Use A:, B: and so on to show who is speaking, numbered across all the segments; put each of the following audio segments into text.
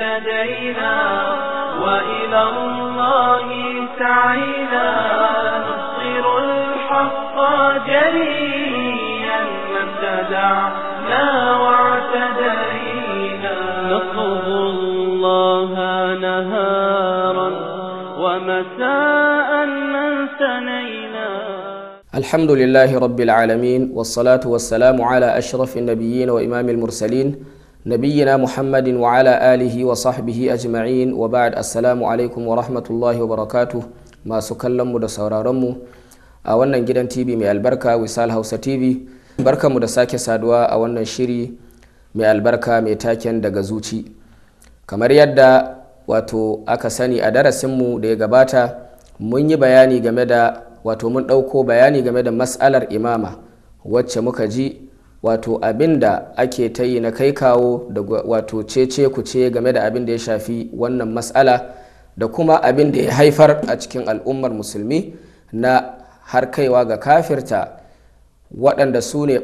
A: اهتدينا وإلى الله سعينا نبصر الحق جريا ما ابتدعنا واعتدينا نطلب الله نهارا ومساء من ثنينا الحمد لله رب العالمين والصلاة والسلام على أشرف النبيين وإمام المرسلين muhammadin نبينا محمد وعلى آله وصحبه أجمعين وبعد السلام عليكم ورحمة الله وبركاته ما سكلم da sauraronmu a wannan gidan TV mai albarka Wisal Hausa TV barkamu da sake saduwa a wannan shiri mai albarka mai taken daga zuci kamar yadda wato aka sani a darasinmu da ya gabata mun yi bayani game da wato mun ɗauko bayani game da mas'alar imama wacce muka ji wato abin da ake ta yi na kai kawo da wato cece ku ce game da abin da ya shafi wannan matsala da kuma abin da ya haifar a cikin al'ummar musulmi na har kaiwa ga kafirta waɗanda su ne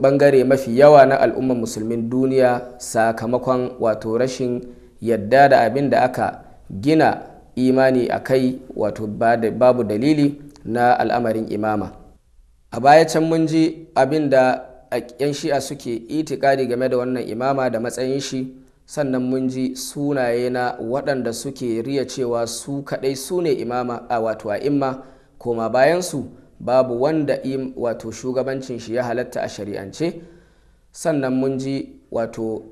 A: ɓangare mafi yawa na al'ummar musulmin duniya sakamakon wato rashin yadda da abin da aka gina imani a kai wato babu dalili na al'amarin imama a baya can mun ji abin da yan shi'a suke itikadi game da wannan imama da matsayin shi sannan mun ji sunaye na waɗanda suke riya cewa su kaɗai su ne imama a wato a imma koma su babu wanda im wato shugabancin shi ya halatta a shari'ance sannan mun ji wato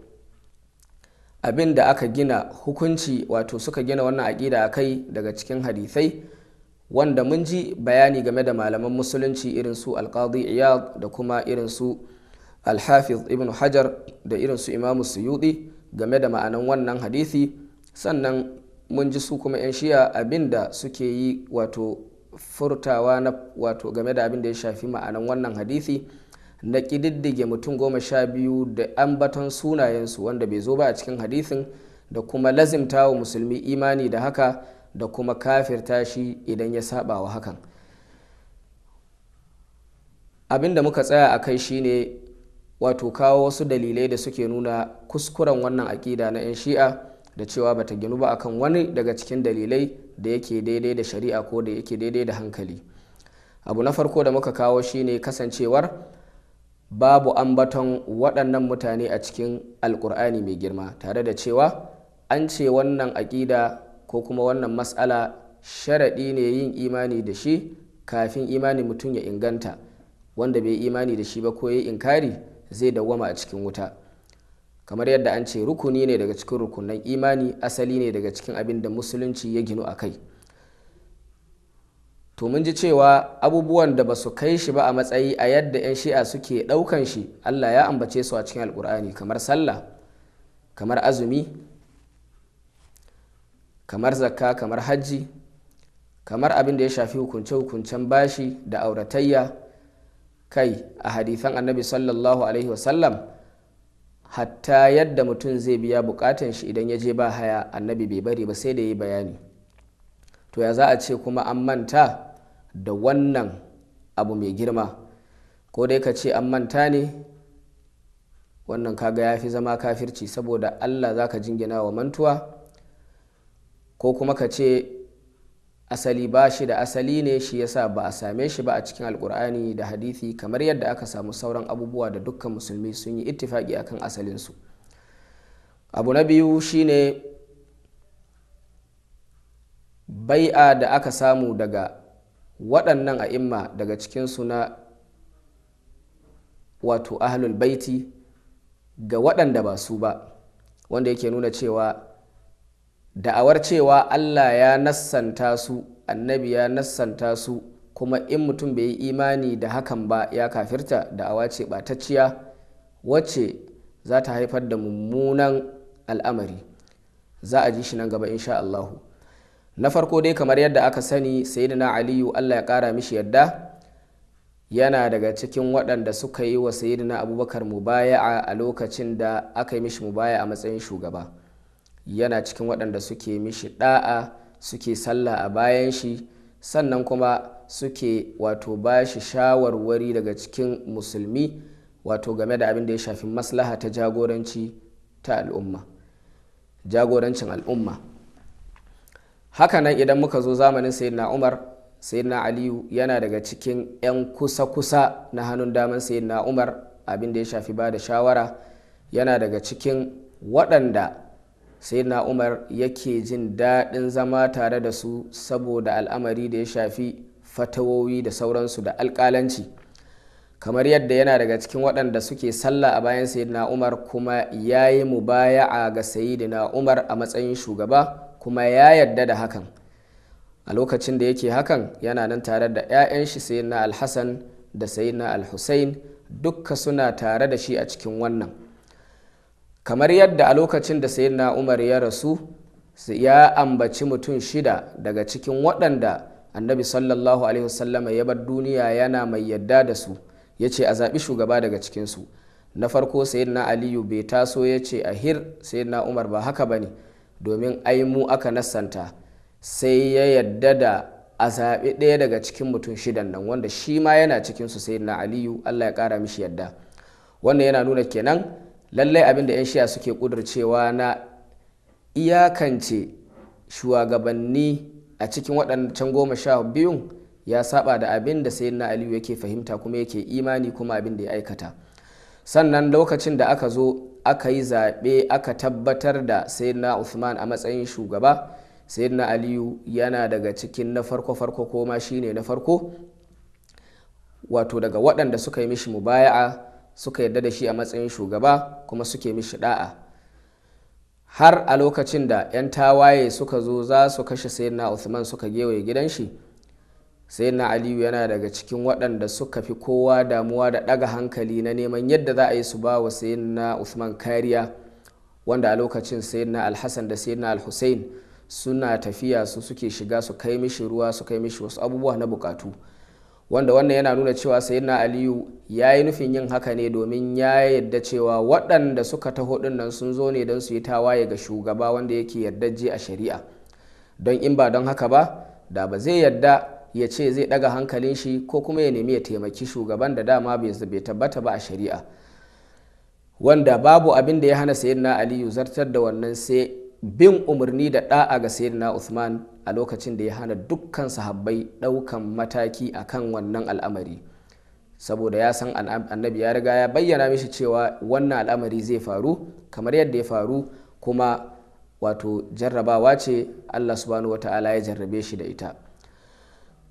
A: abin da aka gina hukunci wato suka gina wannan aƙida a kai daga cikin hadithai wanda mun ji bayani game da malaman musulunci irin su alqadi iyad da kuma irin su alhafiz ibn hajar da irin su imamu suyudi game da ma'anan wannan hadisi sannan mun ji su kuma 'yan shiya abin da suke yi wato furtawa na wato game da abin da ya shafi ma'anan wannan hadisi na ƙididdige mutum goma sha biyu da ambaton sunayensu wanda bai zo ba a cikin hadisin da kuma lazimta wa musulmi imani da haka da kuma kafirta shi idan ya saba wa hakan abin da muka tsaya a kai shine wato kawo wasu dalilai da suke nuna kuskuren wannan aƙida na 'yan shi'a da cewa bata ginu ba akan wani daga cikin dalilai da yake daidai da shari'a ko da yake daidai da hankali abu na farko da muka kawo shine kasancewar babu ambaton waɗannan mutane a cikin alkur'ani mai girma tare da cewa an ce wannan aƙida ko kuma wannan matsala sharaɗi ne yin imani da shi kafin imani mutum ya inganta wanda bai imani da shi ba ko ya inkari zai dawwama a cikin wuta kamar yadda an ce rukuni ne daga cikin rukunan imani asali ne daga cikin abin da musulunci ya ginu a kai to mun ji cewa abubuwan da ba su kai shi ba a matsayi a yadda 'yan shi'a suke ɗaukan shi allah ya ambace su a cikin alkur'ani kamar sallah kamar azumi kamar zakka kamar hajji kamar abin da ya shafi hukunce-hukuncen bashi da auratayya kai a hadithan annabi sallallahu alaihi wasallam hatta yadda mutum zai biya bukatan shi idan ya je ba haya annabi bai bari ba sai da yi bayani to ya za a ce kuma an manta da wannan abu mai girma ko dai ka ce an manta ne wannan kaga ya fi zama kafirci saboda allah za ka jingina wa mantuwa ko kuma ka ce asali ba shi da asali ne shi yasa ba a same shi ba a cikin alkur'ani da hadithi kamar yadda aka samu sauran abubuwa da dukkan musulmi sun yi ittifaki akan asalinsu abu na biyu shine bai'a da aka samu daga waɗannan a'imma daga cikinsu na wato ahlul baiti ga waɗanda ba su ba wanda yake nuna cewa da'awar cewa Allah ya nassanta su annabi ya nassanta su kuma in mutum bai yi imani da hakan ba ya kafirta da'awa ce ɓatacciya wacce za ta haifar da mummunan al'amari za a ji shi nan gaba insha Allahu na farko dai kamar yadda aka sani sayyidina aliyu Allah ya kara mishi yadda yana daga cikin waɗanda suka yi wa sayyidina abubakar mubaya'a a lokacin da aka yi mishi mubaya a matsayin shugaba yana cikin waɗanda suke mishi ɗa'a suke sallah a bayan shi sannan kuma suke wato ba shi shawarwari daga cikin musulmi wato game da abin da ya shafi maslaha ta jagoranci ta al'umma jagorancin al'umma hakanan idan muka zo zamanin sayyidina umar sayyidina aliyu yana daga cikin 'yan kusa-kusa na hannun daman sayyidina umar abin da ya shafi ba da shawara yana daga cikin waɗanda sai na umar yake jin daɗin zama tare da su saboda al'amari da ya shafi fatawowi da sauransu da alƙalanci kamar yadda yana daga cikin waɗanda suke sallah a bayan sayyidina umar kuma ya yi mu mubaya'a ga sayyidina umar a matsayin shugaba kuma ya yarda da hakan a lokacin da yake hakan yana nan tare da 'ya'yan shi sayyidina alhassan da sayyidina alhussein dukka suna tare da shi a cikin wannan kamar yadda a lokacin da na umar ya rasu ya ambaci mutum shida daga cikin waɗanda annabi sallallahu alaihi wasallama ya bar duniya yana mai yadda da su ya ce a zaɓi shugaba daga cikinsu na farko na aliyu bai taso ya ce a hir na umar ba haka ba ne domin ai aka nasanta sai ya yadda da a zaɓi ɗaya daga cikin mutum shidan nan wanda shi ma yana cikinsu na aliyu allah ya ƙara mishi yadda wannan yana nuna kenan lallai abin da 'yan shiya suke kudurcewa na iyakance shugabanni a cikin waɗancan goma sha biyun ya saba da abin da sayyidina aliyu yake fahimta kuma yake imani kuma abin da ya aikata sannan lokacin da aka zo aka yi zaɓe aka tabbatar da sayyidina usman a matsayin shugaba sayyidina aliyu yana daga cikin na farko farko ko ma shine na farko wato daga waɗanda suka yi mishi mubaya'a suka yarda da shi a matsayin shugaba kuma suke mishi da'a har a lokacin da 'yan tawaye suka zo za su kashe sayyidina Uthman suka gewaye gidan shi sayyidina Aliyu yana daga cikin waɗanda suka fi kowa damuwa da ɗaga hankali na neman yadda za a yi su ba wa sayyidina Uthman kariya wanda a lokacin sayyidina Alhassan da sayyidina Alhussein suna tafiya su suke shiga su kai mishi ruwa su kai mishi wasu abubuwa na bukatu wanda wannan yana nuna cewa sayyidina aliyu ya yi nufin yin haka ne domin ya yadda cewa waɗanda suka taho ɗin nan sun zo ne don su yi tawaye ga shugaba wanda yake ji a shari'a don in ba don haka ba da ba zai yarda ya ce zai ɗaga hankalin shi ko kuma ya nemi ya taimaki shugaban da dama bai tabbata ba a shari'a wanda babu abin da ya hana sayyidina aliyu zartar da wannan sai bin umarni da ɗa'a ga sayyidina usman a lokacin da ya hana dukkan sahabbai ɗaukan mataki a kan wannan al'amari saboda ya san annabi ya riga ya bayyana mishi cewa wannan al'amari zai faru kamar yadda ya faru kuma wato jarrabawa ce allah subhanahu wata'ala ya jarrabe shi da ita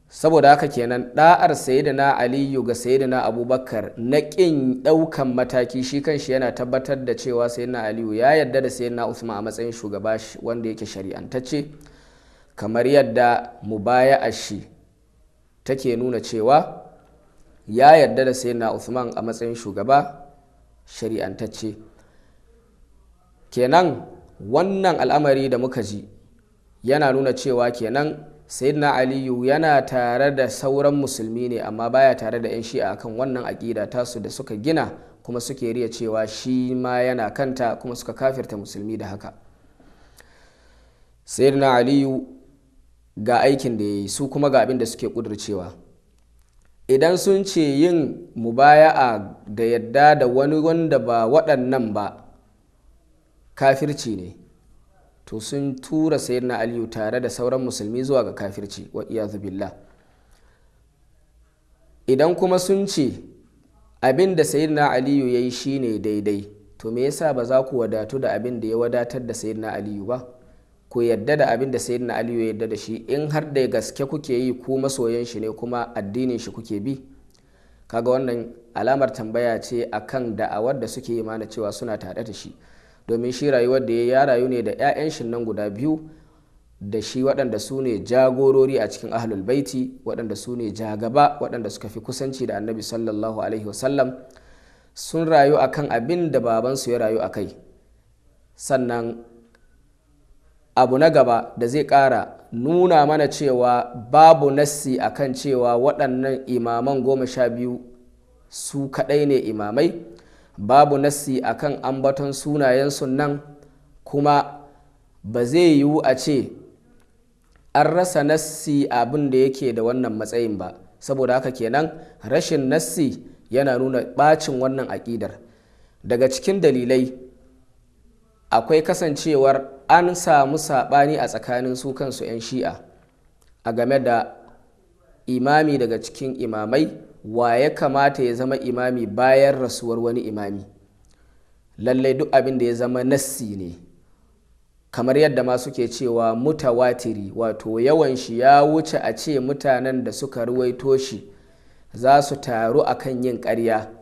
A: saboda haka kenan da'ar sayyidina aliyu ga sayyidina abubakar na ƙin ɗaukan mataki shi kanshi yana tabbatar da cewa sayyidina aliyu ya yarda da sayyidina usman a matsayin shugaba wanda yake shari'antacce kamar yadda mu baya a shi take nuna cewa ya yarda da na Uthman a matsayin shugaba shari'antacce kenan wannan al'amari da muka ji yana nuna cewa kenan sayyidina aliyu yana tare da sauran musulmi ne amma baya tare da 'yan shi'a kan wannan aƙida tasu da suka gina kuma suke riya cewa shi ma yana kanta kuma suka kafirta musulmi da haka sayyidina aliyu ga aikin da ya yi su kuma ga abin da suke kudurcewa idan sun ce yin mubaya'a da yadda da wani wanda ba waɗannan ba kafirci ne to sun tura na aliyu tare da sauran musulmi zuwa ga kafirci wa billah idan kuma sun ce abin da na aliyu ya yi shine daidai to me yasa ba za ku wadatu da abin da ya wadatar da na aliyu ba ku yadda da abin da sayyidina aliyu ya yadda da shi in har da gaske kuke yi ku masoyan shi ne kuma addinin shi kuke bi kaga wannan alamar tambaya ce akan da'awar da suke yi mana cewa suna tare da shi domin shi rayuwar da ya rayu ne da 'ya'yan shi nan guda biyu da shi waɗanda su ne jagorori a cikin ahlul baiti waɗanda su ne jagaba waɗanda suka fi kusanci da annabi sallallahu alaihi wasallam sun rayu akan abin da babansu ya rayu a kai sannan abu na gaba da zai ƙara nuna mana cewa babu nassi akan cewa waɗannan imaman goma sha biyu su kaɗai ne imamai babu nassi akan ambaton sunayensu nan kuma ba zai yiwu a ce an rasa nassi abin da yake da wannan matsayin ba saboda haka kenan rashin nassi yana nuna ɓacin wannan aƙidar daga cikin dalilai akwai kasancewar an samu saɓani a tsakanin su kansu 'yan shi'a a game da imami daga cikin imamai wa ya kamata ya zama imami bayan rasuwar wani imami lallai duk abin da ya zama nassi ne kamar yadda ma suke cewa mutawatiri wato yawan shi ya wuce a ce mutanen da suka ruwaito shi za su taru akan yin ƙarya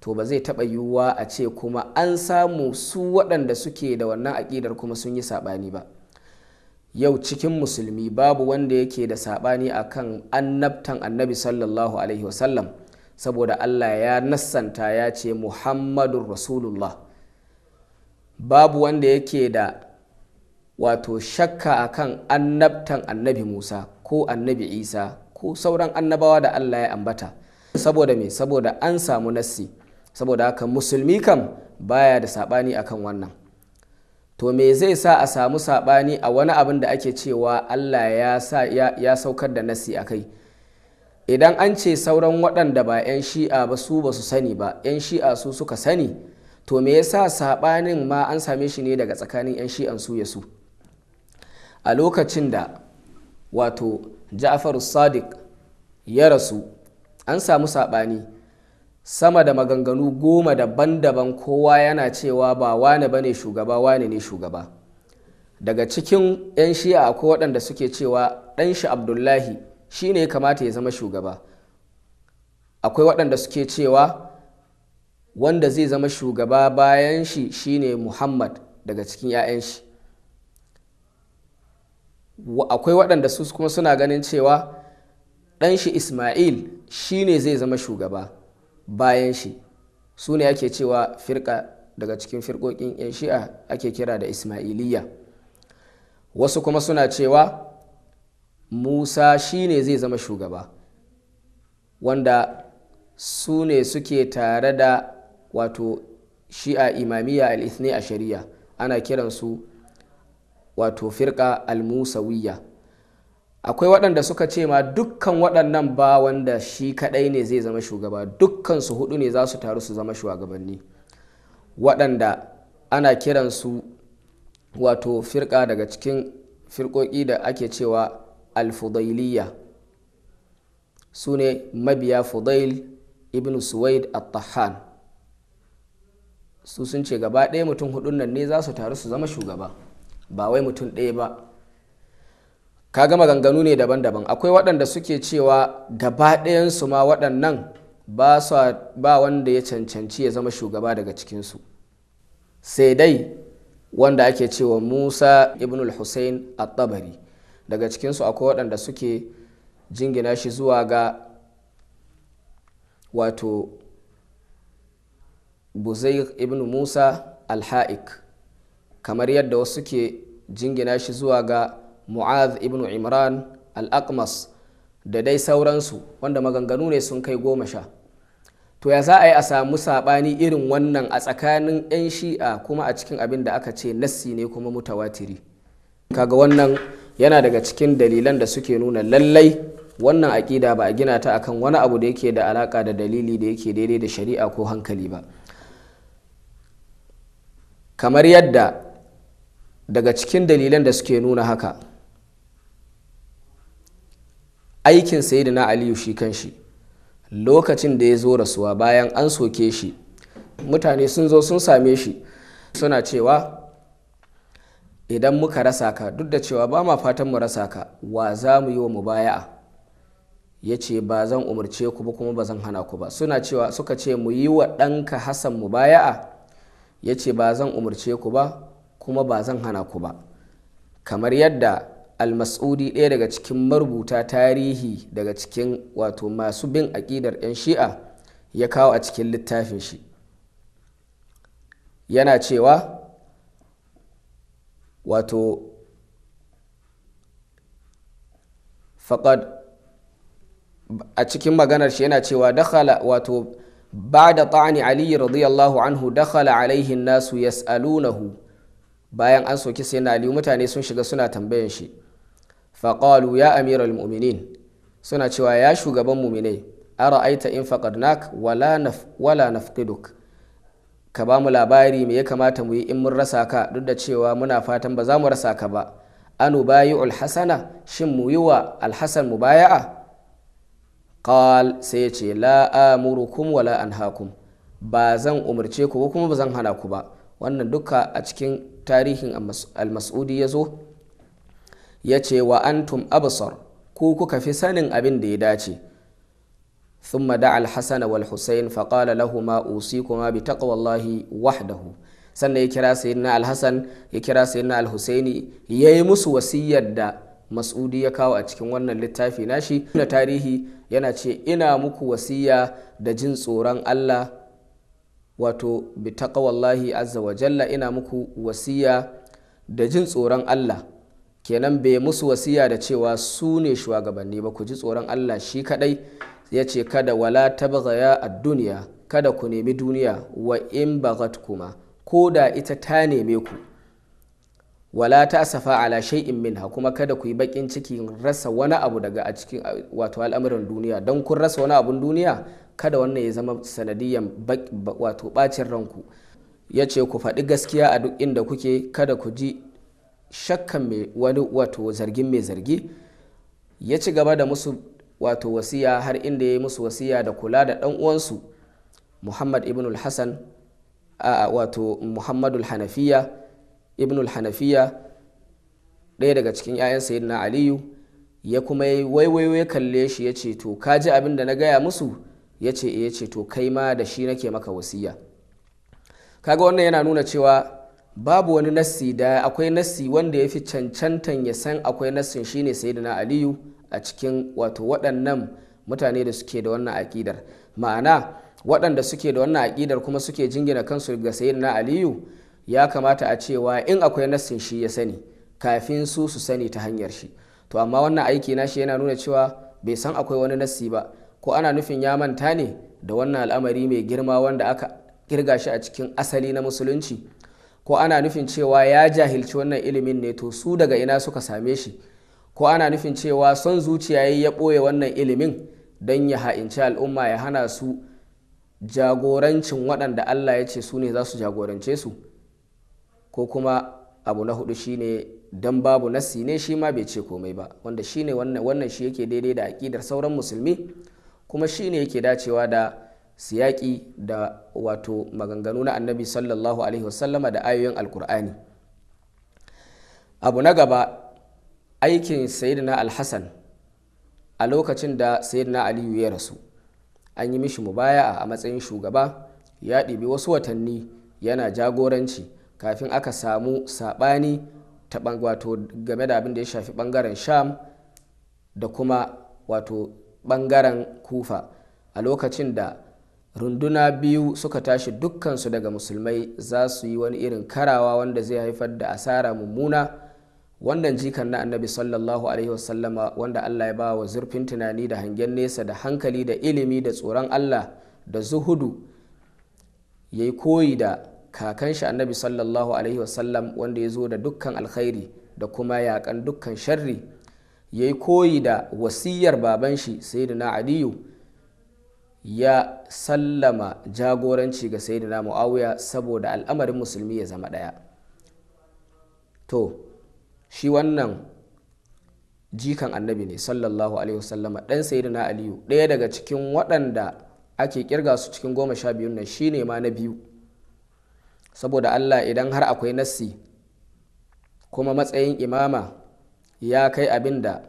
A: to ba zai taɓa yiwuwa a ce kuma an samu su waɗanda suke da wannan aƙidar kuma sun yi saɓani ba yau cikin musulmi babu wanda yake da saɓani a kan annabtan annabi sallallahu alaihi wasallam saboda allah ya nassanta ya ce muhammadun rasulullah babu wanda yake da wato shakka akan annabtan annabi musa ko annabi isa ko sauran annabawa da allah ya ambata saboda me saboda an samu nassi saboda haka musulmi kam baya da saɓani akan wannan to me zai sa a samu saɓani a wani abin da ake cewa allah ya saukar da nasi a kai idan an ce sauran waɗanda ba 'yan shi'a ba su ba su sani ba 'yan shi'a su suka sani to me ya sa saɓanin ma an same shi ne daga tsakanin 'yan shi'an su ya su a lokacin da wato ja'far sadiq ya rasu an samu saɓani sama da maganganu goma daban-daban kowa yana cewa ba wane bane shugaba wane ne shugaba daga cikin 'yan shi'a akwai waɗanda suke cewa ɗan shi abdullahi shi ne ya kamata ya zama shugaba akwai waɗanda suke cewa wanda zai zama shugaba bayan shi shi ne muhammad daga cikin 'ya'yan shi akwai waɗanda su kuma suna ganin cewa ɗan shi ismail shi ne zai zama shugaba bayan shi su ne ake cewa firka daga cikin firkokin 'yan shi'a ake kira da ismailiyya wasu kuma suna cewa musa shi ne zai zama shugaba wanda su ne suke tare da wato shi'a imamiyya al a shari'a ana kiransu wato firka al-musawiyya akwai waɗanda suka ce ma dukkan waɗannan ba wanda shi kaɗai ne zai zama shugaba dukkan su hudu ne za su taru su zama shugabanni waɗanda ana kiransu wato firka daga cikin firkoki da ake cewa alfudailiya su ne mabiya fudail ibn suwaid at-tahan su sun ce gaba ɗaya mutum hudun nan ne za su taru su zama shugaba ba wai mutum ɗaya ba kaga maganganu ne daban-daban akwai waɗanda suke cewa gaba ɗayansu ma waɗannan ba ba wanda ya cancanci ya zama shugaba daga cikinsu sai dai wanda ake cewa musa ibn al-hussein at-tabari daga cikinsu akwai waɗanda suke jingina shi zuwa ga wato buzair ibn musa al-ha'ik kamar yadda wasu suke jingina shi zuwa ga mu'az ibn imran al-aqmas da dai sauransu wanda maganganu ne sun kai goma sha to ya za a yi a samu saɓani irin wannan a tsakanin 'yan shi'a kuma a cikin abin da aka ce nassi ne kuma mutawatiri kaga wannan yana daga cikin dalilan da suke nuna lallai wannan aƙida ba a gina ta akan wani abu da yake da alaƙa da dalili da yake daidai da shari'a ko hankali ba kamar yadda daga cikin dalilan da suke nuna haka aikin na aliyu shi kanshi lokacin da ya zo rasuwa bayan an soke shi mutane sun zo sun same shi suna cewa idan muka rasa ka duk da cewa ba ma fatan mu rasa ka wa za mu yi wa mu baya? ya ce ba zan umarce ku ba kuma ba zan hana ku ba suna cewa suka ce mu yi wa ɗanka hassan baya? ya ce ba zan umarce ku ba kuma ba zan hana ku ba kamar yadda al-mas'udi ɗaya daga cikin marubuta tarihi daga cikin wato masu bin aƙidar 'yan shi'a ya kawo a cikin littafin shi yana cewa wato faƙad a cikin maganar shi yana cewa dakhala wato ba'da ta'ani aliyu radiyallahu anhu dakala alaihi nasu yas'alunahu bayan an soke sai na ali mutane sun shiga suna tambayan shi faƙalu ya amiral mu'minin suna cewa ya shugaban mu'minai ara'aita in faqadnak wala naf wala nafqiduk ka ba mu labari me ya kamata mu yi in mun rasa ka duk da cewa muna fatan ba za mu rasa ka ba anu bayi'ul hasana shin mu yi wa alhasan mubaya'a qal sai ce la amurukum wala anhaakum ba zan umarce ku kuma ba zan hana ku ba wannan duka a cikin tarihin almas'udi ya zo ya ce wa antum absar ku kuka fi sanin abin da ya dace ثم دعا الحسن والحسين فقال لهما أوصيكما بتقوى الله وحده sannan ya kira na alhassan ya kira na alhussaini ya yi musu wasiyar da mas'udi ya kawo a cikin wannan littafi nashi na tarihi yana ce ina muku wasiya da jin tsoron allah wato bi taqwallahi azza wa jalla ina muku wasiya da jin tsoron allah kenan bai musu wasiya da cewa su ne shugabanni ba ku ji tsoron Allah shi kadai ya ce kada wala tabghaya a duniya kada ku nemi duniya wa in baghat kuma ko da ita ta neme ku wala ta safa ala shay'in minha kuma kada ku yi bakin ciki rasa wani abu daga a cikin wato al'amuran duniya don kun rasa wani abun duniya kada wannan ya zama sanadiyan wato bacin ranku ya ce ku faɗi gaskiya a duk inda kuke kada ku ji shakkan mai wani wato zargin mai zargi ya ci gaba da musu wato wasiya har inda ya yi musu wasiya da kula da ɗan uwansu muhammad ibn hassan a wato muhammadul hanafiya ibn hanafiya ɗaya daga cikin 'ya'yan sayyidina aliyu ya kuma yi waiwaiwa ya kalle shi ya ce to ka ji abin da na gaya musu ya ce eh, ya ce to kai ma da shi nake maka wasiya kaga wannan yana nuna cewa babu wani nassi da akwai nassi wanda ya fi cancantan ya san akwai nassin shine sayyidina aliyu a cikin wato waɗannan mutane da suke da wannan aƙidar ma'ana waɗanda suke da wannan aƙidar kuma suke jingina kansu ga sayyidina aliyu ya kamata a cewa in akwai nassin shi ya sani kafin su su sani ta hanyar shi to amma wannan aiki na shi yana nuna cewa bai san akwai wani nassi ba ko ana nufin ya manta ne da wannan al'amari mai girma wanda aka kirga shi a cikin asali na musulunci ko ana nufin cewa ya jahilci wannan ilimin ne to su daga ina suka same shi ko ana nufin cewa son zuciya ya ɓoye wannan ilimin don ya ha'inci al'umma ya hana su jagorancin waɗanda Allah ya ce su ne za su jagorance su ko kuma abu na hudu shine don babu nassi ne shi ma bai ce komai ba wanda shine wannan shi yake daidai da aƙidar sauran musulmi kuma shine yake dacewa da siyaki da wato maganganu na annabi sallallahu alaihi wasallama da ayoyin alkur'ani abu na gaba aikin sayyidina alhassan a lokacin da sayyidina aliyu ya rasu an yi mishi mubaya a matsayin shugaba ya ɗibi wasu watanni yana jagoranci kafin aka samu saɓani ta wato game da abin da ya shafi ɓangaren sham da kuma wato ɓangaren kufa a lokacin da runduna biyu suka tashi dukkansu daga musulmai za su yi wani irin karawa wanda zai haifar da asara mummuna wannan jikan na annabi sallallahu alaihi wasallama wanda allah ya ba wa zurfin tunani da hangen nesa da hankali da ilimi da tsoron allah da zuhudu ya yi koyi da kakan shi annabi sallallahu alaihi wasallam wanda ya zo da dukkan alkhairi da kuma yakan dukkan sharri ya yi koyi da wasiyar baban shi sayyidina aliyu ya sallama jagoranci ga sayyidina muawiya saboda al'amarin musulmi ya zama ɗaya to shi wannan jikan annabi ne sallallahu alaihi wasallama ɗan sayyidina aliyu ɗaya daga cikin waɗanda ake kirga su cikin goma sha biyun nan shine ma na biyu saboda allah idan har akwai nassi kuma matsayin imama ya kai abinda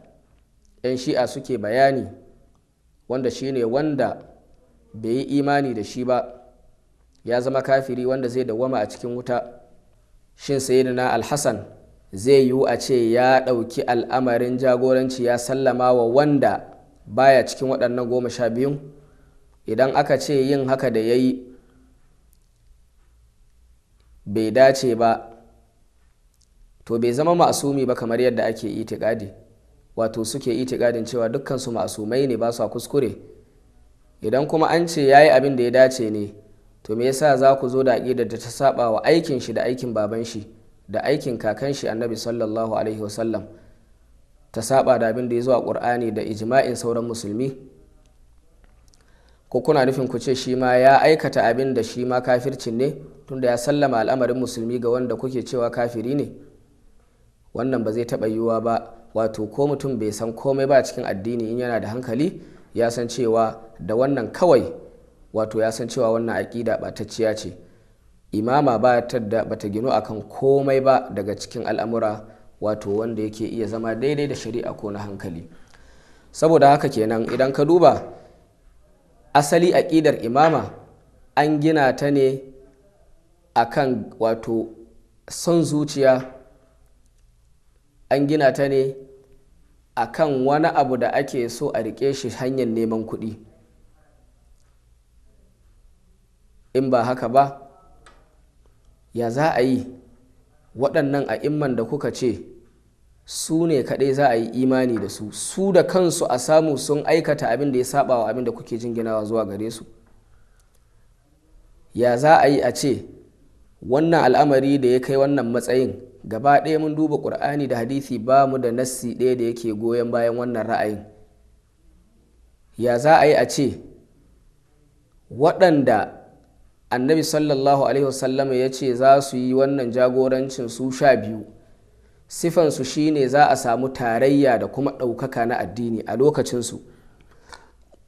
A: 'yan shi'a suke bayani wanda shine wanda bai yi imani da shi ba ya zama kafiri wanda zai dawwama a cikin wuta shin na alhassan zai yiwu a ce ya ɗauki al'amarin jagoranci ya sallama wa wanda baya cikin waɗannan goma sha biyu idan aka ce yin haka da ya yi bai dace ba to bai zama ma'sumi ba kamar yadda ake itikadi wato suke itikadin cewa dukkansu ma'asumai ne ba su kuskure idan kuma an ce ya yi abin da ya dace ne to me yasa za ku zo da aƙidar da ta saba wa aikin shi da aikin baban shi da aikin kakan shi annabi sallallahu alaihi wasallam ta saba da abin da ya zo a ƙur'ani da ijma'in sauran musulmi ko kuna nufin ku ce shi ma ya aikata abin da shi ma kafircin ne tunda ya sallama al'amarin musulmi ga wanda kuke cewa kafiri ne wannan ba zai taɓa yiwuwa ba wato ko mutum bai san komai ba cikin addini in yana da hankali ya san cewa da wannan kawai wato ya san cewa wannan aƙida ɓatacciya ce imama ba ta bata gino akan komai ba daga cikin al'amura wato wanda yake iya zama daidai da shari'a ko na hankali saboda haka kenan idan ka duba asali aƙidar imama an gina ta ne akan wato son zuciya an gina ta ne a kan wani abu da ake so a riƙe shi hanyar neman kuɗi in ba haka ba ya za a yi waɗannan a a'imman da kuka ce su ne kaɗai za a yi imani da su su da kansu a samu sun aikata abin da ya saba wa abin da kuke jinginawa zuwa gare su ya za a yi a ce wannan al'amari da ya kai wannan matsayin gaba ɗaya mun duba ƙur'ani da hadisi ba mu da nassi ɗaya da yake goyon bayan wannan ra'ayin ya za a yi a ce waɗanda annabi sallallahu alaihi wasallama ya ce za su yi wannan jagorancin su sha biyu sifansu ne za a samu tarayya da kuma ɗaukaka na addini a lokacinsu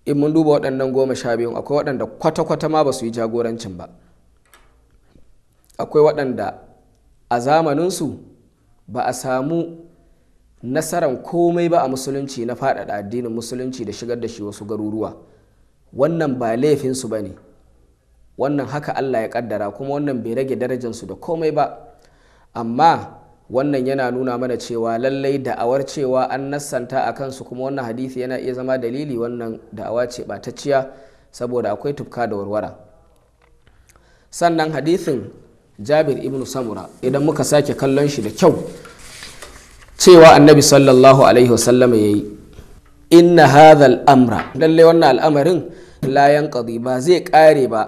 A: in mun duba waɗannan goma sha biyu akwai waɗanda kwata-kwata ma ba su yi jagorancin ba akwai waɗanda a zamaninsu ba a samu nasarar komai ba a musulunci na faɗaɗa addinin musulunci da shigar da shi wasu garuruwa wannan ba laifinsu ba ne wannan haka allah ya ƙaddara kuma wannan bai rage darajansu da komai ba amma wannan yana nuna mana cewa lallai da'awar cewa an nassanta a kansu kuma wannan hadisi yana iya zama dalili wannan da'awa ce ɓatacciya saboda akwai tufka da warwara sannan hadisin jabir ibn samura idan muka sake kallon shi da kyau cewa annabi sallallahu alaihi wasallama ya yi inna hadha al'amra lallai wannan al'amarin layan qadi ba zai ƙare ba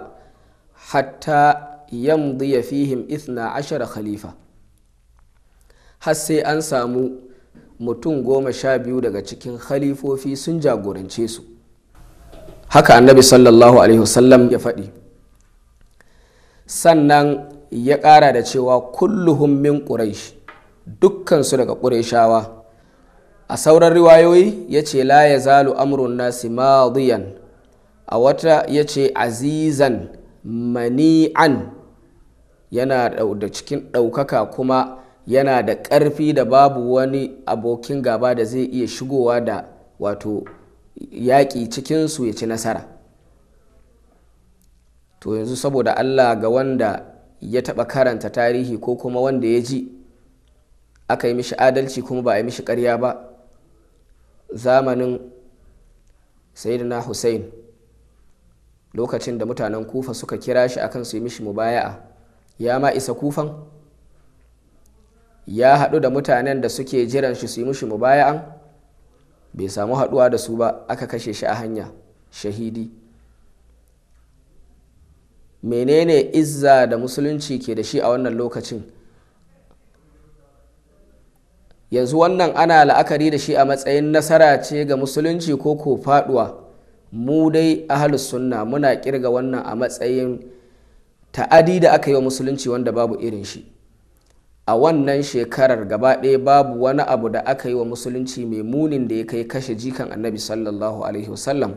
A: hatta yamdi fihim ithna ashara khalifa har sai an samu mutum goma sha biyu daga cikin khalifofi sun jagorance su haka annabi sallallahu alaihi wasallam ya faɗi sannan ya ƙara da cewa kulluhum min ƙuraish dukkansu daga qurayshawa a sauran riwayoyi ya ce la ya zalu amurin nasi madiyan a wata ya ce azizan mani'an yana da cikin ɗaukaka kuma yana da ƙarfi da babu wani abokin gaba da zai iya shigowa da wato yaƙi cikinsu ya ci nasara to yanzu saboda allah ga wanda ya taɓa karanta tarihi ko kuma wanda ya ji aka yi mishi adalci kuma ba a yi mishi karya ba zamanin sayyidina hussein lokacin da mutanen kufa suka kira shi akan su yi mishi mubaya'a ya ma isa kufan ya haɗu da mutanen da suke jiran shi su yi mishi mubaya'an bai samu haɗuwa da su ba aka kashe shi a hanya shahidi menene izza da musulunci ke da shi a wannan lokacin yanzu wannan ana la'akari da shi a matsayin nasara ce ga musulunci ko ko faduwa mu dai ahalus sunna muna kirga wannan a matsayin ta'adi da aka yi wa musulunci wanda babu irin shi a wannan shekarar gaba ɗaya babu wani abu da aka yi wa musulunci mai munin da ya kai kashe jikan annabi sallallahu alaihi wasallam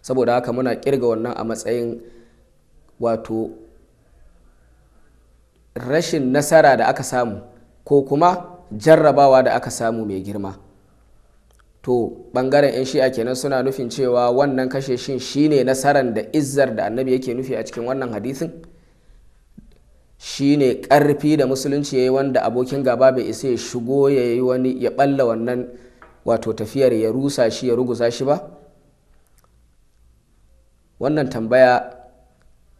A: saboda haka muna kirga wannan a matsayin wato rashin nasara da aka samu ko kuma jarrabawa da aka samu mai girma to bangaren 'yan shi'a kenan suna nufin cewa wannan kashe shin shine nasaran da izzar da annabi yake nufi a cikin wannan hadisin shine karfi da musulunci ya yi wanda abokin gaba bai isa ya shigo ya yi wani ya balla wannan wato tafiyar ya rusa shi ya ruguza shi ba wannan tambaya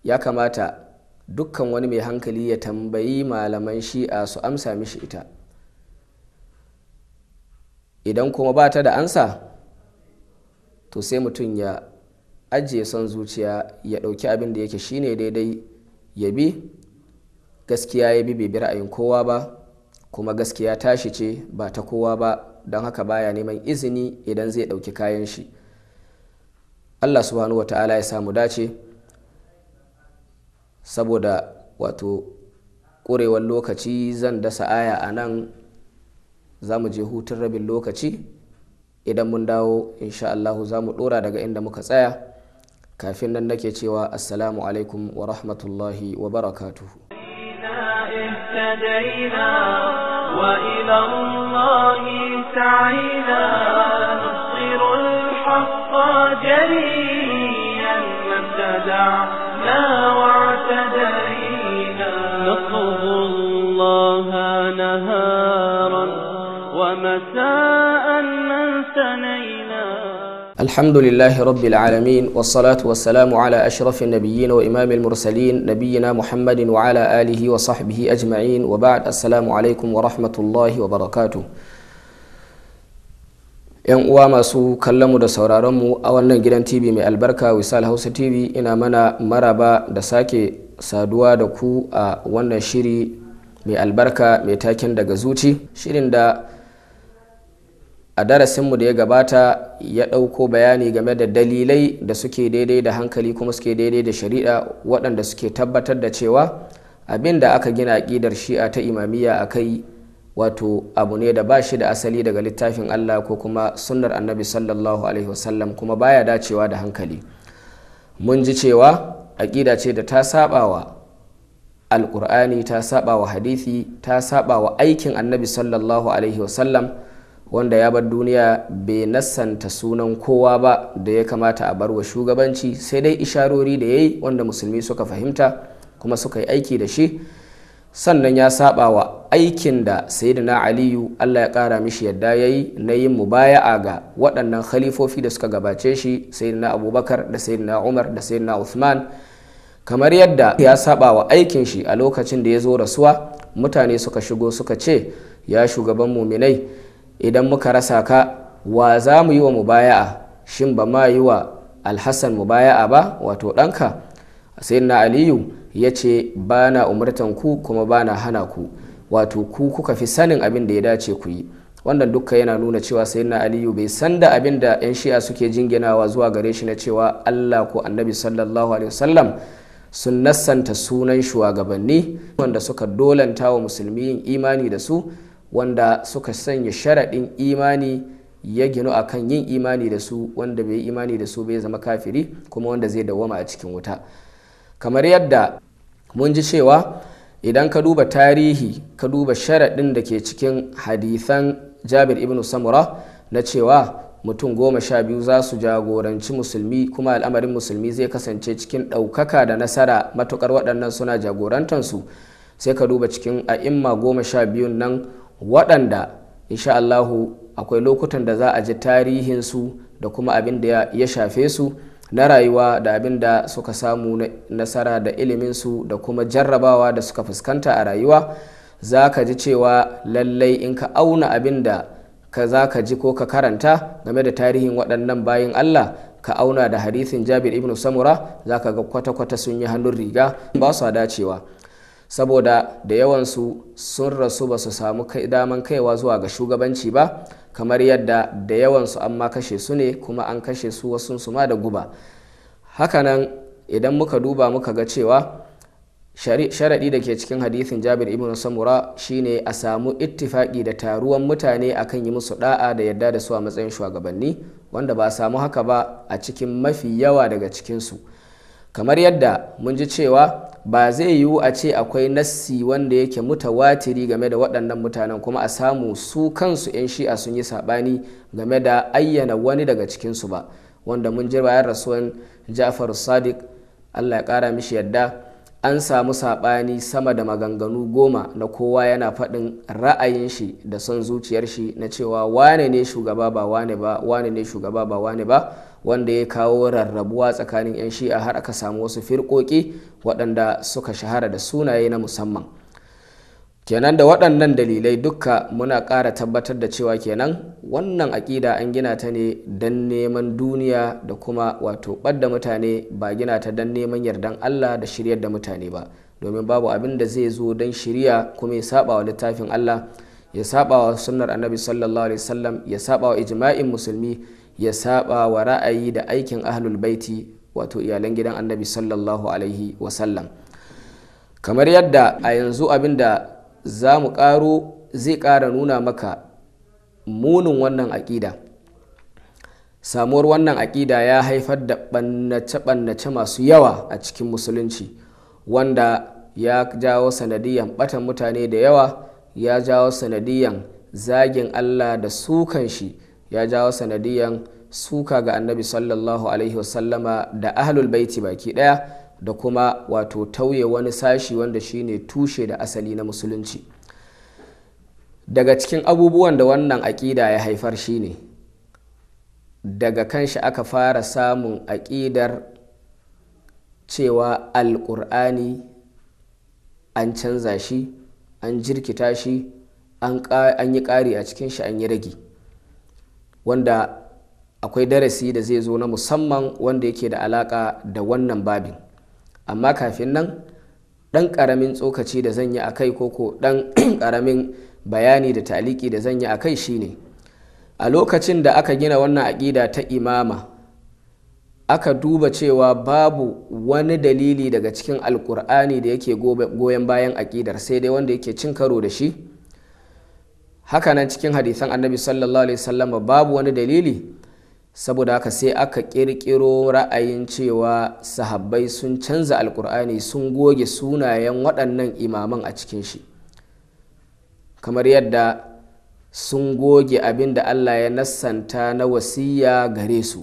A: ya kamata dukkan wani mai hankali ya tambayi malaman shi'a su amsa mishi ita idan kuma ba ta da ansa to sai mutum ya ajiye son zuciya ya ɗauki abin da yake shine daidai ya bi gaskiya ya bi bibi ra'ayin kowa ba kuma gaskiya tashi ce ba ta kowa ba don haka baya neman izini idan zai ɗauki kayan shi allah subhanahu wa ta'ala ya samu dace saboda wato ƙurewar lokaci zan dasa aya a nan za mu je hutun rabin lokaci idan mun dawo insha Allahu za mu ɗora daga inda muka tsaya kafin nan nake cewa assalamu alaikum wa rahmatullahi wa barakatuhu وإلى الله نهارا ومساء الحمد لله رب العالمين والصلاة والسلام على أشرف النبيين وإمام المرسلين نبينا محمد وعلى آله وصحبه أجمعين وبعد السلام عليكم ورحمة الله وبركاته yan uwa masu kallonmu da sauraronmu a wannan gidan tv mai albarka wisal hausa tv ina mana maraba da sake saduwa da ku a wannan shiri mai albarka mai taken daga zuci shirin da a darasinmu da ya gabata ya ɗauko bayani game da dalilai da suke daidai da hankali kuma suke daidai da shari'a waɗanda suke tabbatar da cewa abin da aka gina aƙidar shi'a ta imamiyya a kai wato abu ne da ba shi da asali daga littafin Allah ko kuma sunnar annabi sallallahu alaihi wasallam kuma baya dacewa da hankali mun ji cewa aƙida ce da ta sabawa alƙur'ani ta sabawa hadithi ta sabawa aikin annabi sallallahu alaihi wasallam wanda ya bar duniya bai nasanta sunan kowa ba da ya kamata a bar wa shugabanci sai dai isharori da ya wanda musulmi suka fahimta kuma suka yi aiki da shi sannan ya saba wa aikin da sayyidina aliyu allah ya kara mishi yadda ya yi na yin mubaya'a ga waɗannan khalifofi da suka gabace shi sayyidina abubakar da sayyidina umar da sayyidina usman kamar yadda ya saba wa aikin shi a lokacin da ya zo rasuwa mutane suka shigo suka ce ya shugaban muminai idan muka rasa ka wa za mu yi wa mubaya'a shin ba ma yi wa alhassan mubaya'a ba wato ɗanka sayyidina aliyu ya ce ba na umartan ku kuma ba na hana ku wato ku kuka fi sanin abin da ya dace ku yi wannan dukka yana nuna cewa sai na aliyu bai san da abin da yan shi'a suke jinginawa zuwa gare shi na cewa allah ko annabi sallallahu alaihi wasallam sun nassanta sunan shugabanni wanda suka dolanta wa musulmi yin imani da su wanda suka sanya sharaɗin imani ya ginu a kan yin imani da su wanda bai yi imani da su bai zama kafiri kuma wanda zai dawwama a cikin wuta kamar yadda mun ji cewa idan ka duba tarihi ka duba sharaɗin da ke cikin hadithan jabir ibn samura na cewa mutum goma sha biyu za su jagoranci musulmi kuma al'amarin musulmi zai kasance cikin ɗaukaka da nasara matukar waɗannan suna jagorantansu sai ka duba cikin a'imma goma sha biyun nan waɗanda insha Allahu akwai lokutan da za a ji tarihinsu da kuma abin da ya shafe su na rayuwa da abin da suka samu nasara da iliminsu da kuma jarrabawa da suka fuskanta a rayuwa za ka ji cewa lallai in ka auna abin da ka za ka ji ko ka karanta game da tarihin waɗannan bayin Allah ka auna da hadithin jabir ibn samura za ka ga kwata-kwata sun yi hannun riga ba su dacewa saboda da yawansu sun rasu ba su samu daman kaiwa zuwa ga shugabanci ba kamar yadda da yawansu an ma kashe su ne kuma an kashe su wasu su ma da guba hakanan idan muka duba muka ga cewa sharaɗi da ke cikin hadithin jabir ibn samura shine a samu ittifaki da taruwan mutane akan yi musu da'a da yadda da su a matsayin shugabanni wanda ba a samu haka ba a cikin mafi yawa daga cikinsu kamar yadda mun ji cewa ba zai yiwu a ce akwai nassi wanda yake mutawatiri game da waɗannan mutanen kuma a samu su kansu 'yan shi'a sun yi saɓani game da ayyana wani daga cikinsu ba wanda mun ji bayan rasuwan ja'far sadiq allah ya ƙara mishi yadda an samu saɓani sama da maganganu goma na kowa yana faɗin ra'ayin shi da son zuciyar shi na cewa wane ne shugaba ba wane ba wane ne shugaba ba wane ba wanda ya kawo rarrabuwa tsakanin 'yan shi'a har aka samu wasu firkoki waɗanda suka shahara da sunaye na musamman kenan da waɗannan dalilai dukka muna ƙara tabbatar da cewa kenan wannan aƙida an gina ta ne don neman duniya da kuma wato ɓadda mutane ba gina ta don neman yardan allah da shiryar da mutane ba domin babu abin da zai zo don shirya kuma ya saba wa littafin allah ya saba wa sunnar annabi sallallahu alaihi wasallam ya saba wa ijma'in musulmi ya saba wa ra'ayi da aikin ahlul baiti wato iyalan gidan annabi sallallahu alaihi wasallam kamar yadda a yanzu abin da za mu ƙaro zai ƙara nuna maka munin wannan aƙida samuwar wannan aƙida ya haifar da ɓannace-ɓannace masu yawa a cikin musulunci wanda ya jawo sanadiyan ɓatan mutane da yawa ya jawo sanadiyan zagin allah da sukan shi ya jawo sanadiyan suka ga annabi sallallahu alaihi wasallama da ahlul baiti baki daya da kuma wato tauye wani sashi wanda shine tushe da asali na musulunci daga cikin abubuwan da wannan aƙida ya haifar shine daga kan shi aka fara samun aƙidar cewa alƙur'ani an canza shi an jirkita shi an yi ƙari a cikin shi an yi rage wanda akwai darasi da zai zo na musamman wanda yake da alaka da wannan babin amma kafin nan ɗan ƙaramin tsokaci da zan yi a kai ko ɗan ƙaramin bayani da taliki da zan yi a kai shine a lokacin da aka gina wannan aƙida ta imama aka duba cewa babu wani dalili daga cikin alƙur'ani da yake goyon bayan aƙidar sai dai wanda yake cin karo da shi haka nan cikin hadisan annabi sallallahu alaihi wasallam babu wani dalili saboda haka sai aka kirkiro ra'ayin cewa sahabbai sun canza alkur'ani sun goge sunayen waɗannan imaman a cikin shi kamar yadda sun goge abin da allah ya nassanta na wasiya gare su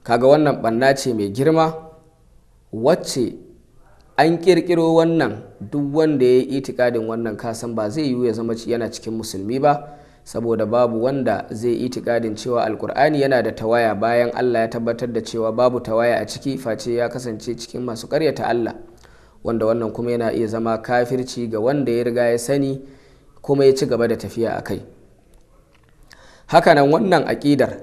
A: kaga wannan ɓanna ce mai girma wacce an kirkiro wannan duk wanda ya yi itikadin wannan kasan ba zai yiwu ya zama yana cikin musulmi ba saboda babu wanda zai itikadin cewa alkur'ani yana da tawaya bayan allah ya tabbatar da cewa babu tawaya a ciki face ya kasance cikin masu karyata allah wanda wannan kuma yana iya zama kafirci ga wanda ya riga ya sani kuma ya ci gaba da tafiya a kai hakanan wannan aƙidar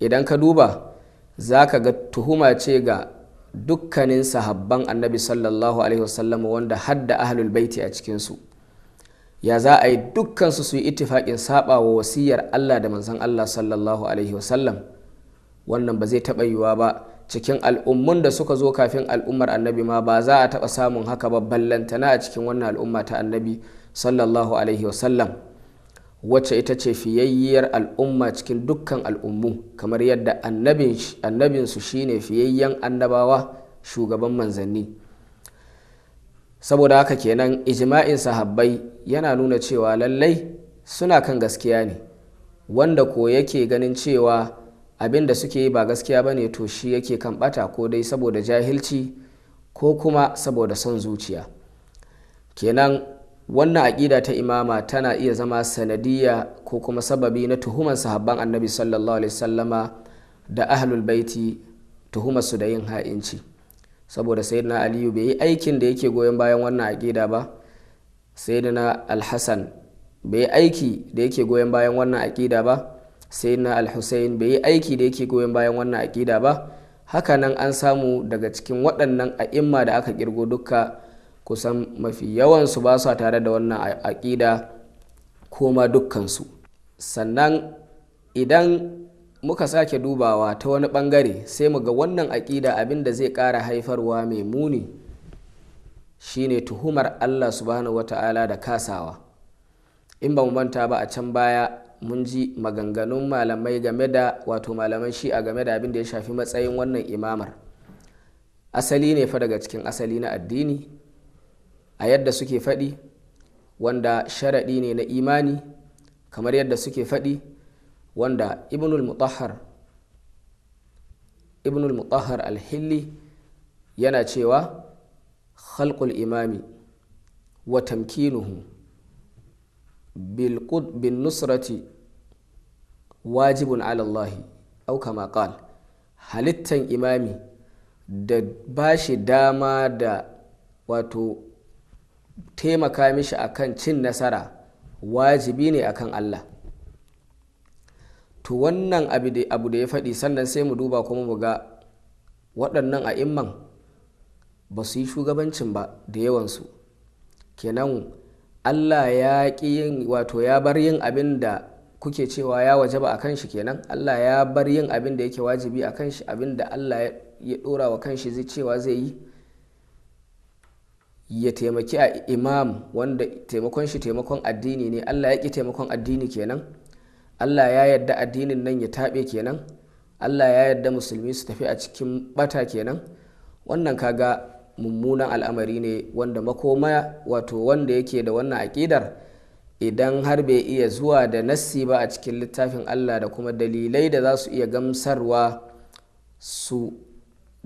A: idan ka duba za ka ga tuhuma ce ga dukkanin sahabban annabi sallallahu alaihi wasallam wanda hadda ahlul baiti a cikinsu ya za a yi dukkansu su yi ittifaƙin saba wasiyar Allah da manzon Allah sallallahu alaihi wasallam wannan ba zai taɓa yiwuwa ba cikin al'ummun da suka zo kafin al'ummar annabi ma ba za a taɓa samun haka ba ballantana a cikin wannan al'umma ta annabi sallallahu alaihi wasallam wacce ita ce fiyayyiyar al'umma cikin dukkan al'ummu kamar yadda annabinsu shine fiyayyen annabawa shugaban manzanni saboda haka kenan ijma'in sahabbai yana nuna cewa lallai suna kan gaskiya ne wanda ko yake ganin cewa abin da suke yi ba gaskiya ba ne to shi yake kan bata ko dai saboda jahilci ko kuma saboda son zuciya kenan wannan aƙida ta imama tana iya zama sanadiyya ko kuma sababi na tuhumar sahabban annabi sallallahu alaihi sallama da ahlul baiti tuhumar su da yin ha'inci saboda sayyidina aliyu bai yi aikin da yake goyon bayan wannan aƙida ba sayyidina alhassan bai yi aiki da yake goyon bayan wannan aƙida ba sayyidina alhussein bai yi aiki da yake goyon bayan wannan aƙida ba hakanan an samu daga cikin waɗannan a'imma da aka kirgo dukka kusan mafi yawansu ba su tare da wannan aƙida ko dukkansu sannan idan muka sake dubawa ta wani ɓangare sai mu ga wannan aƙida abin da zai ƙara haifarwa mai muni shine tuhumar allah subhanahu wata'ala da kasawa in ba mu manta ba a can baya mun ji maganganun malamai game da wato malaman shi'a game da abin da ya shafi matsayin wannan imamar asali ne fa daga cikin asali na addini a yadda suke faɗi wanda sharaɗi ne na imani kamar yadda suke faɗi wanda ibnul mutahar ibnul mutahar alhilli yana cewa khalqul imami wa tamkinuhu bin nusrati wajibun alallahi au kama qal halittan imami da bashi dama da wato taimaka mishi akan cin nasara wajibi ne akan Allah to wannan abu da ya faɗi sannan sai mu duba kuma mu ga waɗannan a'imman ba su yi shugabancin ba da yawansu kenan Allah ya ƙi yin wato ya bar yin abin da kuke cewa ya waje ba a kanshi kenan Allah ya bar yin abin da yake wajibi a kanshi abin da Allah ya ɗora wa kanshi zai cewa zai yi ya taimaki a imam wanda taimakon shi taimakon addini ne allah ya ƙi taimakon addini kenan allah ya yarda addinin nan ya taɓe kenan allah ya yarda musulmi su tafi a cikin bata kenan wannan kaga mummunan al'amari ne wanda makoma wato wanda yake da wannan aƙidar idan har bai iya zuwa da nassi ba a cikin littafin allah da kuma dalilai da za su iya gamsarwa su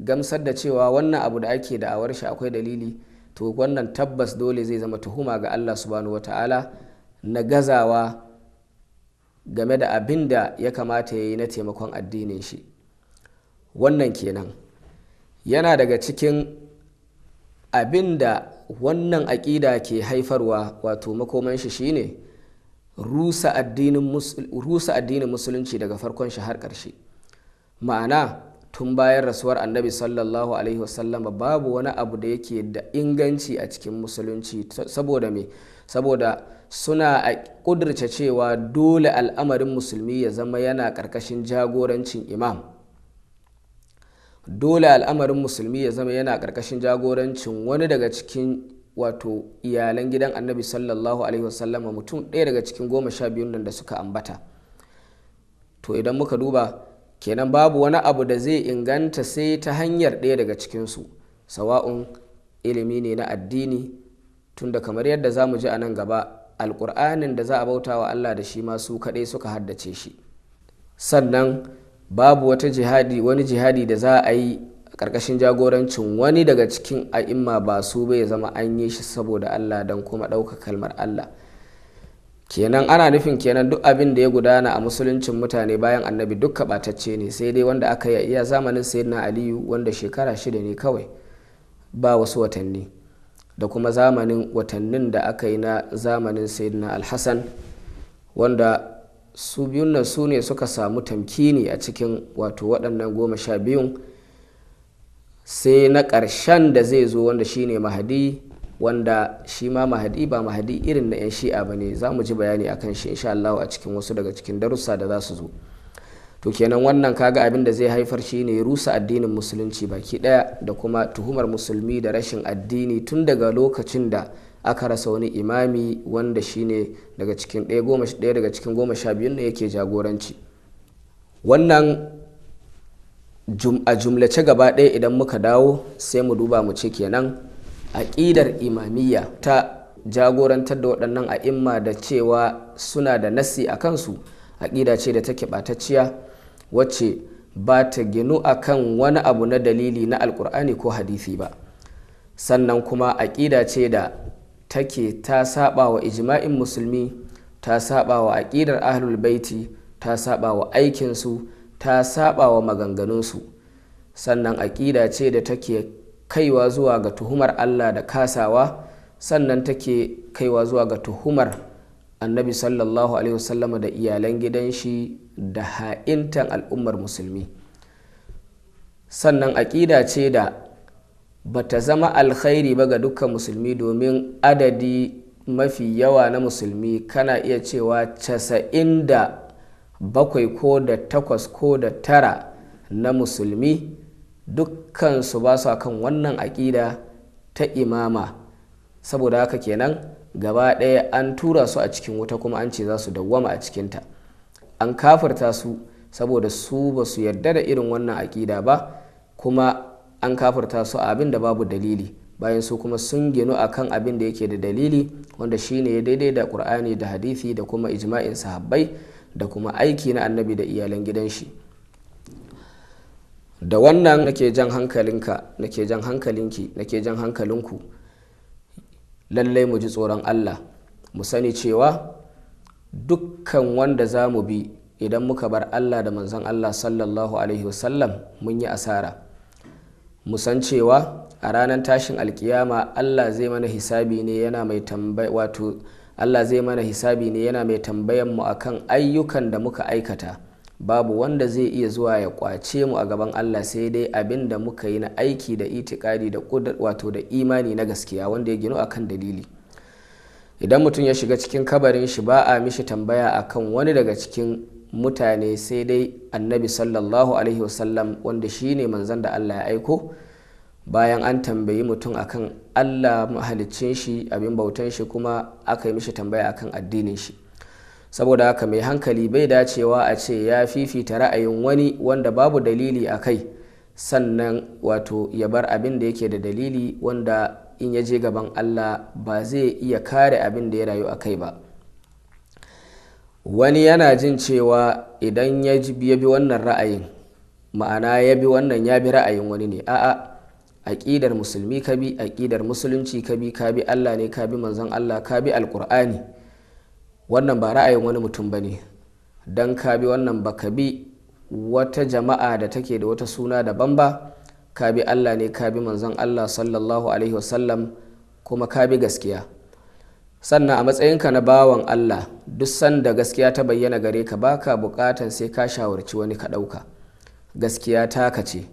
A: gamsar da cewa wannan abu da ake da'awar shi akwai dalili to wannan tabbas dole zai zama tuhuma ga allah subhanahu wata'ala na gazawa game da abin da ya kamata ya yi na taimakon addinin shi wannan kenan yana daga cikin abin da wannan aƙida ke haifarwa wato makoman shi shine rusa addinin musulunci daga farkon shi har ƙarshe ma'ana tun bayan rasuwar annabi sallallahu alaihi wasallam babu wani abu da yake da inganci a cikin musulunci saboda me saboda suna a kudurce cewa dole al'amarin musulmi ya zama yana ƙarƙashin jagorancin imam dole al'amarin musulmi ya zama yana karkashin jagorancin wani daga cikin wato iyalan gidan annabi sallallahu alaihi wasallam mutum ɗaya daga cikin goma sha biyun nan da suka ambata to idan muka duba kenan babu wani abu da zai inganta sai ta hanyar ɗaya daga cikinsu sawa'un ilimi ne na addini tunda kamar yadda za mu ji a nan gaba alƙur'anin da za a bauta wa allah da shi ma su kaɗai suka haddace shi sannan babu wata jihadi wani jihadi da za a yi a ƙarƙashin jagorancin wani daga cikin a'imma ba su bai zama an yi shi saboda allah don kuma ɗauka kalmar allah kenan ana nufin kenan duk abin da ya gudana a musuluncin mutane bayan annabi duk kaɓatacce ne sai dai wanda aka yi iya zamanin sayyidina aliyu wanda shekara shida ne kawai ba wasu watanni da kuma zamanin watannin da aka yi na zamanin sayyidina alhassan wanda su biyun nan su ne suka samu tamkini a cikin wato waɗannan goma sha biyun sai na ƙarshen da zai zo wanda shine mahadi wanda shi ma mahadi ba mahadi irin na 'yan shi'a ba ne za mu ji bayani a kan shi insha Allah a cikin wasu daga cikin darussa da za su zo to kenan wannan kaga abin da zai haifar shi ne rusa addinin musulunci baki daya da kuma tuhumar musulmi da rashin addini tun daga lokacin da aka rasa wani imami wanda shi ne daga cikin ɗaya daga cikin goma sha biyun ne yake jagoranci wannan a jumlace gaba ɗaya idan muka dawo sai mu duba mu ce kenan aƙidar imamiyya ta jagorantar da waɗannan a'imma da cewa suna da nasi a kansu aƙida ce da take ɓatacciya wacce ba ta ginu a kan wani abu na dalili na alƙur'ani ko hadisi ba sannan kuma aƙida ce da take ta saba wa ijma'in musulmi ta saba wa aƙidar ahlul baiti ta saba wa aikinsu ta saba wa maganganunsu sannan aƙida ce da take kaiwa zuwa ga tuhumar Allah da kasawa sannan take kaiwa zuwa ga tuhumar annabi sallallahu alaihi wasallama da iyalan gidan shi da ha'intan al'ummar musulmi sannan aƙida ce da bata zama alkhairi ba ga dukkan musulmi domin adadi mafi yawa na musulmi kana iya cewa casa'in da bakwai ko da takwas ko da tara na musulmi dukkan su ba su kan wannan aƙida ta imama saboda haka kenan gaba ɗaya an tura su a cikin wuta kuma an ce za su dawwama a cikinta an kafarta su saboda su ba su yarda da irin wannan aƙida ba kuma an kafarta su a abin da babu dalili bayan su kuma sun ginu a kan abin da yake da dalili wanda shine ya daidai da ƙur'ani da hadithi da kuma ijma'in sahabbai da kuma aiki na annabi da iyalan gidan shi da wannan nake jan hankalinka nake jan hankalinki nake jan hankalinku lallai mu ji tsoron allah mu sani cewa dukkan wanda za mu bi idan muka bar allah da manzon allah sallallahu alaihi wasallam mun yi asara mu san cewa a ranar tashin alkiyama allah zai mana hisabi ne yana mai wato allah zai mana hisabi ne yana mai tambayan mu akan ayyukan da muka aikata babu wanda zai iya zuwa ya kwace mu a gaban Allah sai dai abin da muka yi na aiki da itikadi da wato da imani na gaskiya wanda ya ginu akan dalili idan mutum ya shiga cikin kabarin shi ba a mishi tambaya akan wani daga cikin mutane sai dai annabi sallallahu alaihi wasallam wanda shine manzan da Allah ya aiko bayan an tambayi mutum akan Allah mahaliccin shi abin bautan shi kuma aka yi mishi tambaya akan addinin shi saboda haka mai hankali bai dacewa a ce ya fifita ra'ayin wani wanda babu dalili a kai sannan wato ya bar abin da yake da dalili wanda in ya je gaban allah ba zai iya kare abin da ya rayu a kai ba wani yana jin cewa idan ya bi wannan ra'ayin ma'ana ya bi wannan ya bi ra'ayin wani ne a'a aƙidar musulmi ka bi aƙidar musulunci ka bi ka bi allah ne ka bi manzon allah ka bi alƙur'ani wannan ba ra'ayin wani mutum ba ne don ka bi wannan ba ka bi wata jama'a da take da wata suna daban ba ka bi allah ne ka bi manzon allah sallallahu alaihi wasallam kuma ka bi gaskiya sannan a matsayinka na bawan allah duk sanda gaskiya ta bayyana gare ka ba ka bukatan sai ka shawarci wani ka ɗauka gaskiya ta ce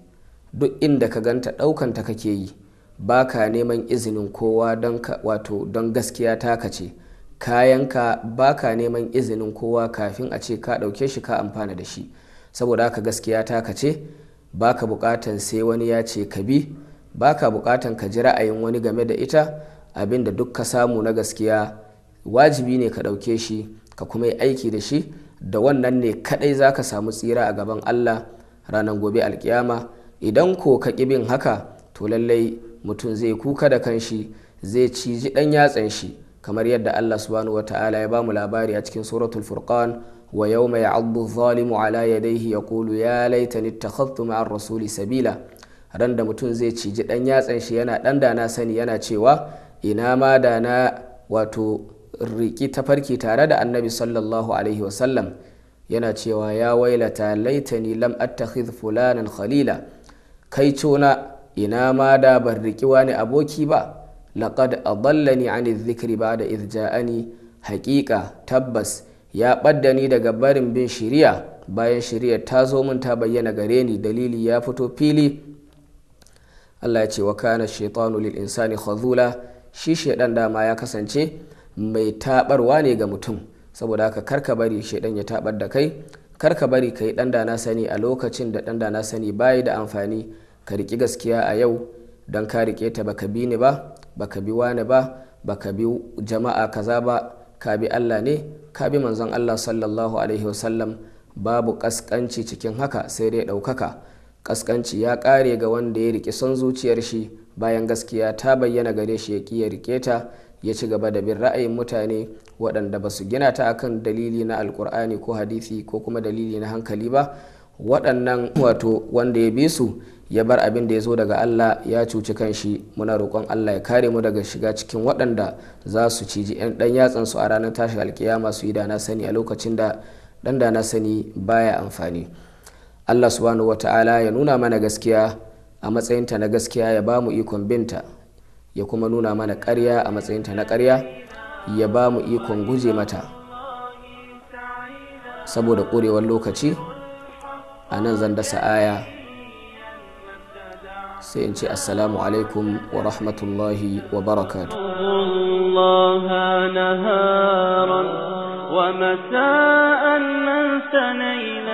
A: duk inda ka ganta ta kake yi baka neman izinin kowa don wato don gaskiya taka ce kayanka baka neman izinin kowa kafin a ce ka ɗauke shi ka amfana da shi saboda haka gaskiya ka ce baka bukatan sai wani ya ce ka bi baka bukatan ka ji ra'ayin wani game da ita abinda duk ka samu na gaskiya wajibi ne ka ɗauke shi ka kuma yi aiki da shi da wannan ne kaɗai za ka samu tsira a gaban allah ranar gobe alkiyama idan ko ka ƙi bin haka to lallai mutum zai kuka da kanshi zai ciji ɗan yatsan shi kamar yadda Allah subhanahu ta'ala ya bamu labari a cikin suratul furqan wa yawma ya'addu zalimu ala yadayhi yaqulu ya laitani ittakhadtu ma'ar rasuli sabila ran da mutum zai ciji dan yatsan shi yana dan dana sani yana cewa ina ma dana wato riki tafarki tare da annabi sallallahu alaihi yana cewa ya wailata laitani lam attakhidh fulanan khalila kai cona ina ma da ban riki wani aboki ba laqad adallani an dhikri ba'da idh ja'ani haqiqa tabbas ya ɓadda ni daga barin bin shiriya bayan shiriyar ta zo min ta bayyana gare ni dalili ya fito fili Allah ya ce wa kana shaitanu lil insani khazula shi shaidan dama ya kasance mai tabarwa ne ga mutum saboda haka karka bari shaidan ya tabar da kai karka bari ka yi da na sani a lokacin da dan da na sani bayi da amfani ka riki gaskiya a yau don ka riƙe ta baka bi ni ba baka bi wani ba baka bi jama'a kaza ba ka bi Allah ne ka bi manzon Allah sallallahu alaihi wasallam babu kaskanci cikin haka sai dai ɗaukaka kaskanci ya ƙare ga wanda ya rike son zuciyar shi bayan gaskiya ta bayyana gare shi ya ya riƙe ta ya ci gaba da bin ra'ayin mutane waɗanda ba su gina ta akan dalili na alkur'ani ko hadisi ko kuma dalili na hankali ba waɗannan wato wanda ya bi su ya bar abin da ya zo daga Allah ya cuci kanshi muna roƙon Allah ya kare mu daga shiga cikin waɗanda za su ciji ɗan ɗan yatsan su a ranar tashin alkiyama su yi da na sani a lokacin da ɗan da na sani baya amfani Allah subhanahu wata'ala ya nuna mana gaskiya a matsayinta na gaskiya ya ba mu ikon binta ya kuma nuna mana ƙarya a matsayinta na ƙarya ya ba mu ikon guje mata saboda ƙurewar lokaci a nan zan dasa aya سينشي السلام عليكم ورحمة الله وبركاته الله نهارا ومساء من سنيلا